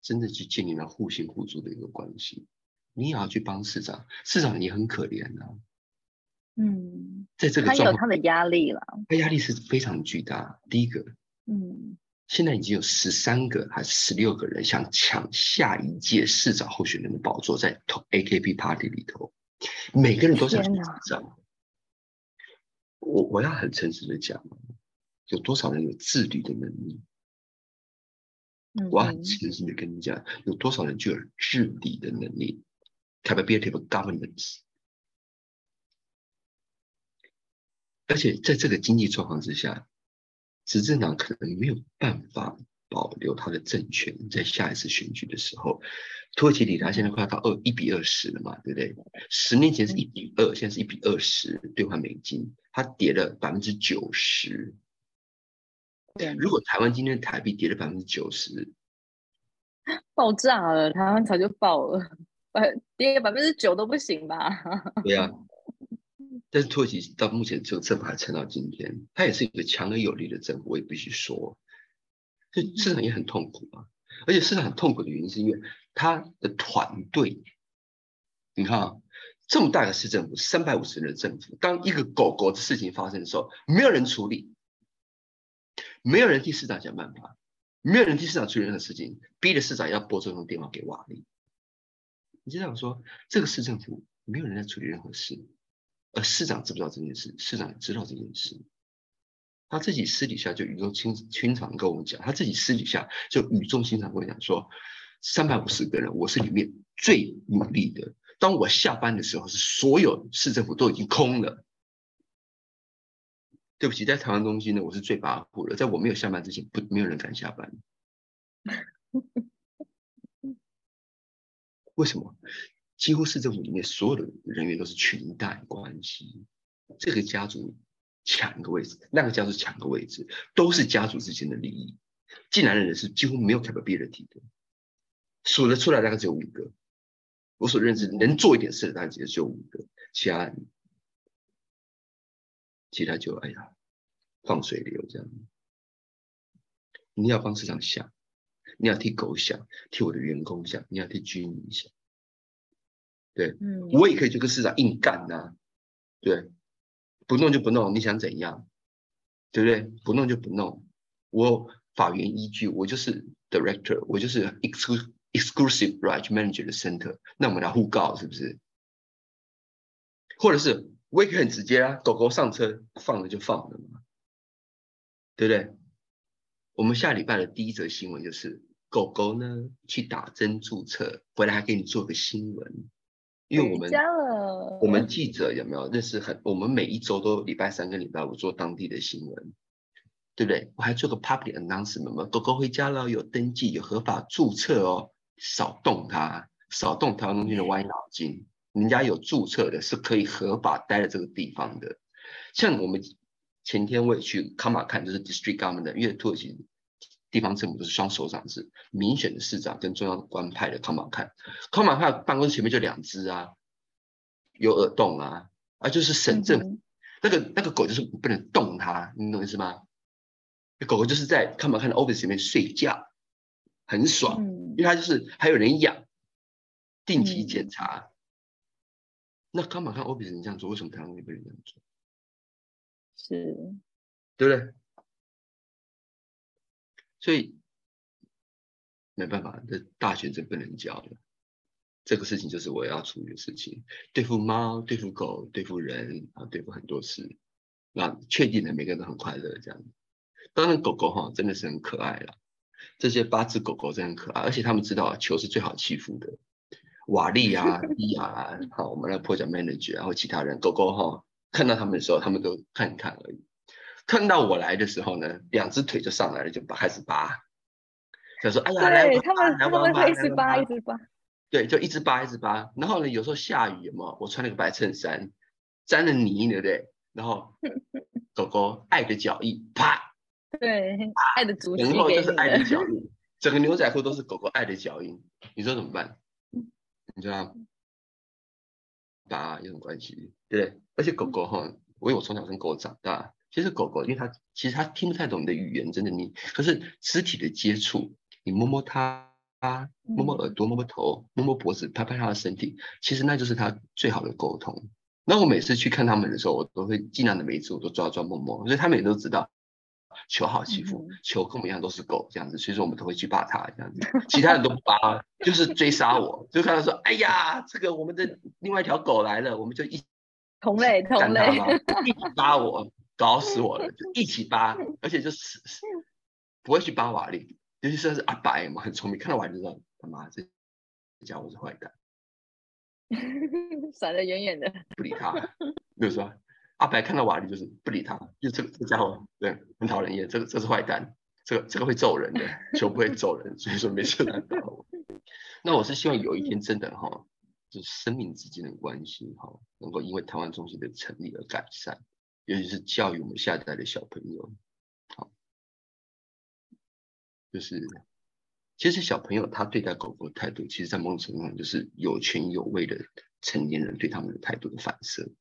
真的去建立了互信互助的一個關係。你也要去幫市長，市長也很可憐啊。嗯，在這個狀態，他有他的壓力了，他壓力是非常巨大。第一個，嗯，現在已經有十三個還是十六個人想搶下一屆市長候選人的寶座，在 AKP Party 裡頭。每個人都想成長、啊。我我要很誠實的講，有多少人有治理的能力？嗯嗯，我要很誠實的跟你講，有多少人具有治理的能力 c a p a b i l i t y of governance。而且在這個經濟狀況之下，執政黨可能沒有辦法保留他的政權，在下一次選舉的時候。土耳其里拉現在快要到二一比二十了嘛，對不對？十年前是一比二，嗯，現在是一比二十，兌換美金，它跌了百分之九十。對，欸，如果台灣今天的台幣跌了百分之九十，爆炸了，台灣早就爆了。呃，跌百分之九都不行吧？ 對啊，但是土耳其到目前只有政府還撐到今天，它也是一個強而有力的政府，我也必須說，這市場也很痛苦啊。而且市長很痛苦的原因是因為他的團隊，你看啊，這麼大的市政府，三百五十人的政府，當一個狗狗的事情發生的時候，沒有人處理，沒有人替市長想辦法，沒有人替市長處理任何事情，逼着市長要撥這通電話給瓦力。你這樣說，這個市政府沒有人在處理任何事，而市長知不知道這件事？市長也知道這件事。他自己私底下就語重心，心長跟我們講，他自己私底下就語重心長跟我講說，三百五十個人，我是裡面最努力的。當我下班的時候，是所有市政府都已經空了。對不起，在台灣中心呢，我是最跋扈的。在我沒有下班之前，不沒有人敢下班。為什麼？幾乎市政府裡面所有的人員都是裙帶關係，這個家族。搶個位置，那個叫做搶個位置，都是家族之間的利益。進來的人是幾乎沒有代表別人提的，數得出來大概只有五個。我所認識能做一點事的，大概只有五個，其他其他就哎呀，放水流這樣。你要幫市場想，你要替狗想，替我的員工想，你要替居民想。對、嗯，我也可以去跟市長硬幹吶、啊。對。不弄就不弄，你想怎樣，對不對？不弄就不弄。我法源依據，我就是 director，我就是 exclusive exclusive right manager 的 center。那我們來互告，是不是？或者是我也可以很直接啊，狗狗上車放了就放了嘛，對不對？我們下禮拜的第一則新聞就是狗狗呢去打針註冊回來，還給你做個新聞。因為我們我們記者有沒有認識很？我們每一周都禮拜三跟禮拜五做當地的新聞，對不對？我還做個 public announcement，狗狗回家了，有登記，有合法註冊哦，少動它，少動它，動用的歪腦筋，人家有注冊的，是可以合法待在這個地方的。像我們前天我也去卡馬看，就是 district government 的兔地方政府都是雙首長制民選的市長跟中央的官派的康馬看，康馬看辦公室前面就兩只啊，有耳洞啊，啊就是省政府嗯嗯那個那個狗就是不能動它，你懂意思嗎？狗狗就是在康馬看的 office 裡面睡覺，很爽，嗯、因為它就是還有人養，定期檢查、嗯。那康馬看 office 你這樣做，為什麼台灣你不能這樣做？是，對不對？所以沒辦法，這大學是不能教的。這個事情就是我要處理的事情，對付貓、對付狗、對付人啊，對付很多事。那確定的，每個人都很快樂這樣。當然，狗狗哈真的是很可愛啦。這些八隻狗狗真的很可愛，而且他們知道、啊、球是最好欺負的。瓦利啊、伊 亞、ER、啊，好，我們的破腳 manager，然、啊、後其他人，狗狗哈看到他們的時候，他們都看一看而已。看到我來的時候呢，兩隻腿就上來了，就扒，開始扒。他說：“哎呀，我他們我他們是一直扒一直扒。”對，就一直扒一直扒。然後呢，有時候下雨嘛，我穿了一個白襯衫，沾了泥，對不對？然後狗狗愛的腳印，啪。 對啪，愛的足跡。然後就是愛的腳印， 整個牛仔褲都是狗狗愛的腳印。你說怎麼辦？ 你知道嗎？扒有什麼關係？對不對？而且狗狗哈，因 為我從小跟狗長大。其實狗狗，因為它其實它聽不太懂你的語言，真的你。可是肢體的接觸，你摸摸它，摸摸耳朵，摸，摸摸頭，摸摸脖子，拍拍它的身體，其實那就是它最好的溝通。那我每次去看它們的時候，我都會盡量的，每一次我都抓抓摸摸，所以它們也都知道，球好欺負，球跟我們一樣都是狗這樣子，所以說我們都會去扒它這樣子，其他人都不扒， 就是追殺我，就看到說，哎呀，這個我們的另外一條狗來了，我們就一同類同類一起扒我。 搞死我了！就一起扒， 而且就是不會去扒瓦力，尤其是，是阿白嘛，很聰明，看到瓦力就知道他媽、媽這家伙是壞蛋，甩 得遠遠的，不理他。沒、就、有、是、說阿白看到瓦力就是不理他，就這個這家伙對很討人厭，這個這是壞蛋，這個這個會揍人的，就不會揍人，所以說沒事來打我。 那我是希望有一天真的哈、哦，就是生命之間的關係哈、哦，能夠因為台灣中心的成立而改善。尤其是教育我們下一代的小朋友，好，就是其實小朋友他對待狗狗的態度，其實在某種程度上就是有權有位的成年人對他們的態度的反射。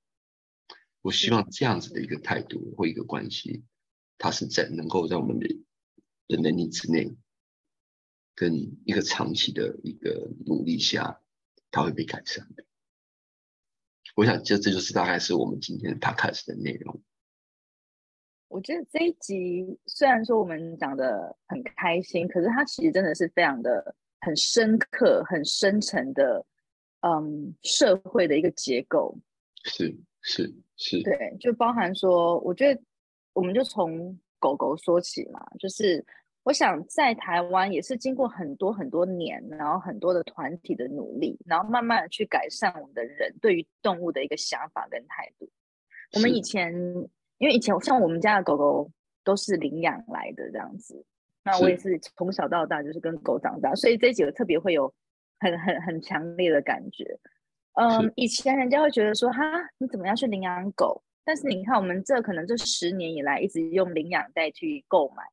我希望這樣子的一個態度或一個關係，它是在能夠在我們的的能力之內，跟一個長期的一個努力下，它會被改善的。我想，這這就是大概是我們今天的 podcast 的內容。我覺得這一集雖然說我們講的很開心，可是它其實真的是非常的很深刻、很深層的，嗯，社會的一個結構。是是是，對，就包含說，我覺得我們就從狗狗說起嘛，就是。我想在台灣也是經過很多很多年，然後很多的團體的努力，然後慢慢去改善我們的人對於動物的一個想法跟態度。我們以前因為以前像我們家的狗狗都是領養來的這樣子，那我也是從小到大就是跟狗長大，所以這幾個特別會有很很很強烈的感覺。嗯，以前人家會覺得說哈，你怎麼樣去領養狗？但是你看我們這可能這十年以來一直用領養代替購買。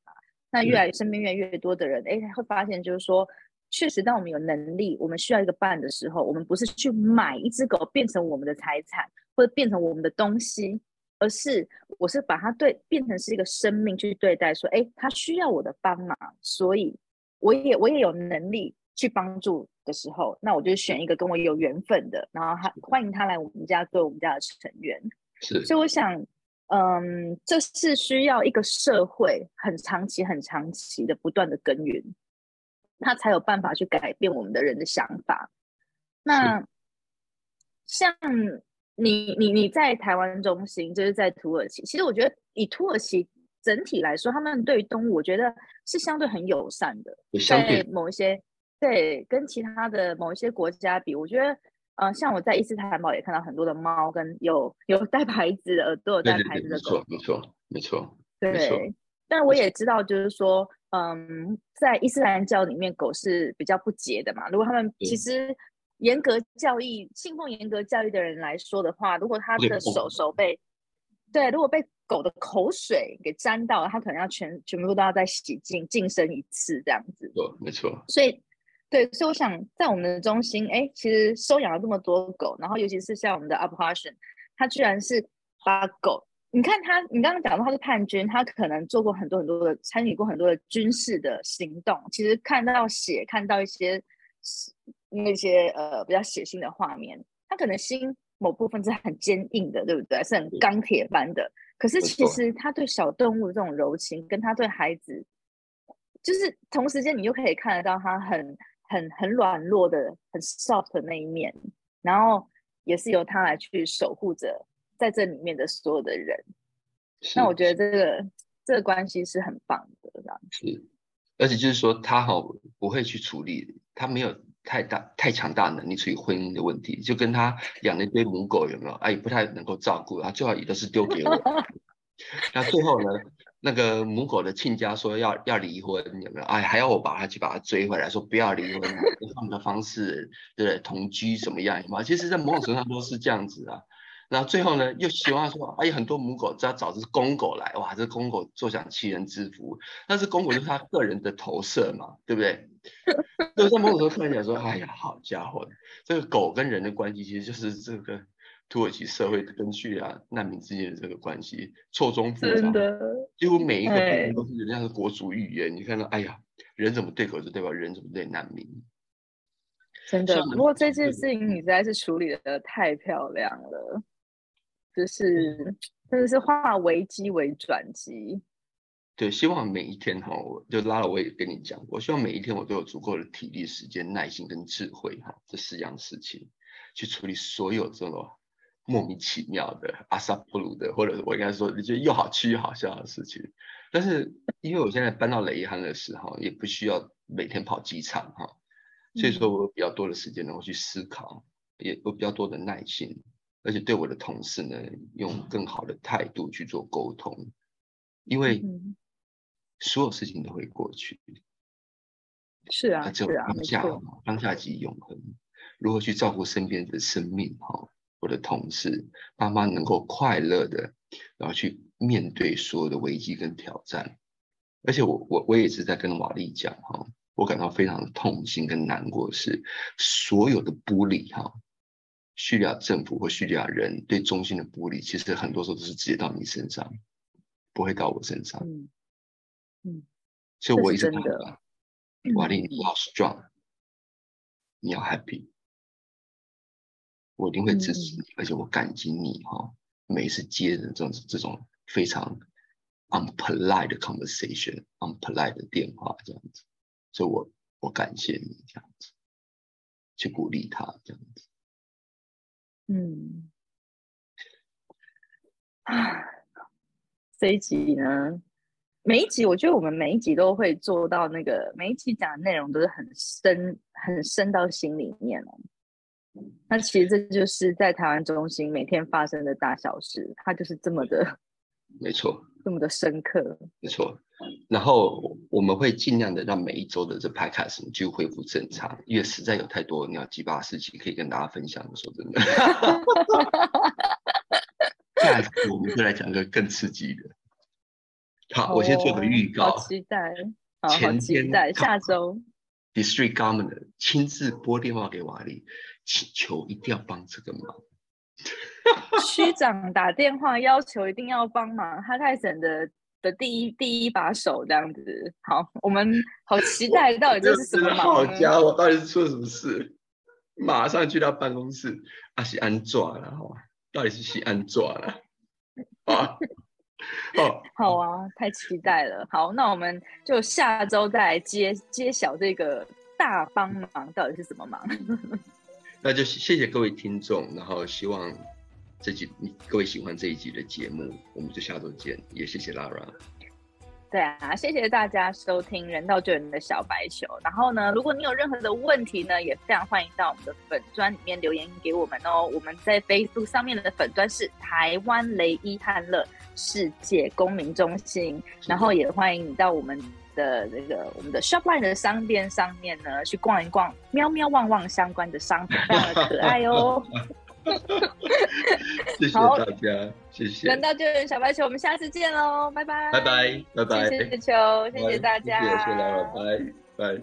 那越來生命越身邊越來越多的人，哎、嗯欸，他會發現就是說，確實當我們有能力，我們需要一個伴的時候，我們不是去買一隻狗變成我們的財產或者變成我們的東西，而是我是把它對變成是一個生命去對待，說，哎、欸，他需要我的幫忙，所以我也我也有能力去幫助的時候，那我就選一個跟我有緣分的，然後他歡迎他來我們家做我們家的成員，是，所以我想。嗯，這是需要一個社會很長期、很長期的不斷的耕耘，他才有辦法去改變我們的人的想法。那像你、你、你在台灣中心，就是在土耳其。其實我覺得以土耳其整體來說，他們對於動物我覺得是相對很友善的，在某一些，對，跟其他的某一些國家比，我覺得。嗯、呃，像我在伊斯坦堡也看到很多的貓，跟有有帶牌子的，都有帶牌子的狗。對對對，沒錯，沒錯，沒錯，對。但我也知道，就是說，嗯，在伊斯蘭教裡面，狗是比較不潔的嘛。如果他們其實嚴格教義、信、嗯、奉嚴格教義的人來說的話，如果他的手手被，對，如果被狗的口水給沾到了，他可能要全全部都要再洗淨淨身一次這樣子。沒、哦、錯，沒錯。所以。對，所以我想在我們的中心，哎，其實收養了這麼多狗，然後尤其是像我們的 Abukhashun，他居然是八狗，你看他，你剛剛講到他是叛軍，他可能做過很多很多的參與過很多的軍事的行動，其實看到血，看到一些那些呃比較血腥的畫面，他可能心某部分是很堅硬的，對不對？是很鋼鐵般的，可是其實他對小動物的這種柔情，跟他對孩子，就是同時間你又可以看得到他很。很很軟弱的、很 soft 的那一面，然後也是由他來去守護着在這裡面的所有的人。那我覺得這個這個關係是很棒的，這樣子。而且就是說，他好、哦、不會去處理，他沒有太大太強大的能力處理婚姻的問題，就跟他養了一堆母狗有沒有？哎、啊，也不太能夠照顧，他最好也都是丟給我。 那最後呢？ 那個母狗的親家說要要離婚，有沒有？哎，還要我把他去把他追回來，說不要離婚，用他們的方式，對，同居什麼樣嘛？其實，在某種程度上都是這樣子啊。然後最後呢，又希望說，哎呀，很多母狗只要找只公狗來，哇，這公狗坐享齊人之福。但是公狗就是他個人的投射嘛，對不對？所以在某種程度上講，說，哎呀，好家伙，這個狗跟人的關係其實就是這個。土耳其社會跟敘利亞難民之間的這個關係錯綜複雜，真的，幾乎每一個人都是人家的國族語言。你看到，哎呀，人怎麼對狗就對，就代表人怎麼對難民？真的。不過這件事情你實在是處理得太漂亮了，嗯、就是真的、就是化危機為轉機。對，希望每一天哈、啊，我就拉了我也跟你講，我希望每一天我都有足夠的體力、時間、耐心跟智慧哈、啊，這四樣事情去處理所有這種。莫名其妙的阿薩布魯的，或者我應該說，你覺得又好氣又好笑的事情。但是因為我現在搬到雷伊漢的時候，也不需要每天跑機場哈、哦，所以說我有比較多的時間能夠去思考、嗯，也有比較多的耐心，而且對我的同事呢，用更好的態度去做溝通、嗯，因為所有事情都會過去，嗯、是啊，對啊，啊，沒錯，當下即永恆，如何去照顧身邊的生命哈，哦我的同事，爸媽，媽能夠快樂的，然後去面對所有的危機跟挑戰。而且我我我也是在跟瓦利講哈、啊，我感到非常的痛心跟難過的是，所有的不利哈，敘、啊、利亞政府或敘利亞人對中心的不利，其實很多時候都是直接到你身上，不會到我身上。嗯嗯，所以我一直覺得、嗯、瓦利你要 strong，你要 happy。我一定會支持你，嗯、而且我感激你哈、哦。每一次接的這種這種非常 unpolite conversation、unpolite 的電話這樣子，所以我我感謝你這樣子，去鼓勵他這樣子。嗯，啊，這一集呢，每一集我覺得我們每一集都會做到那個，每一集講的內容都是很深很深到心裡面了。那其實這就是在台灣中心每天發生的大小事，它就是這麼的，沒錯，這麼的深刻，沒錯。然後我們會盡量的讓每一週的這派卡 d 就恢復正常，因為實在有太多鳥雞巴事情可以跟大家分享。說真的，下一次我們就來講一個更刺激的。好，我先做個預告，哦、期待好前天，好期待，下周 District Governor 親自撥電話給瓦力。請求一定要幫這個忙，區 長打電話要求一定要幫忙，哈台省的的第一第一把手這樣子，好，我們好期待到底這是什麼忙？好家伙，嗯、我到底是出了什麼事？馬上去他辦公室，阿、啊、西安抓了，好、哦、到底是西安抓了、 啊哦？好啊，太期待了。好，那我們就下周再來接揭揭曉這個大幫忙到底是什麼忙。 那就謝謝各位聽眾，然後希望，這集你各位喜歡這一集的節目，我們就下周見。也謝謝 Lara。對啊，謝謝大家收聽《人道救援的小白裘》。然後呢，如果你有任何的問題呢，也非常歡迎到我們的粉專裡面留言給我們哦。我們在 Facebook 上面的粉專是台灣雷伊漢勒世界公民中心，然後也歡迎你到我們的、這、那個我們的 Shopline 的商店上面呢，去逛一逛喵，喵喵旺旺相關的商品，非常的可愛哦。 謝謝大家，謝謝。人道救援小白裘，我們下次見嘍，拜拜，拜拜，拜拜。謝謝，裘，bye bye, 謝，謝，謝，謝裘，謝謝大家，謝謝老拜拜。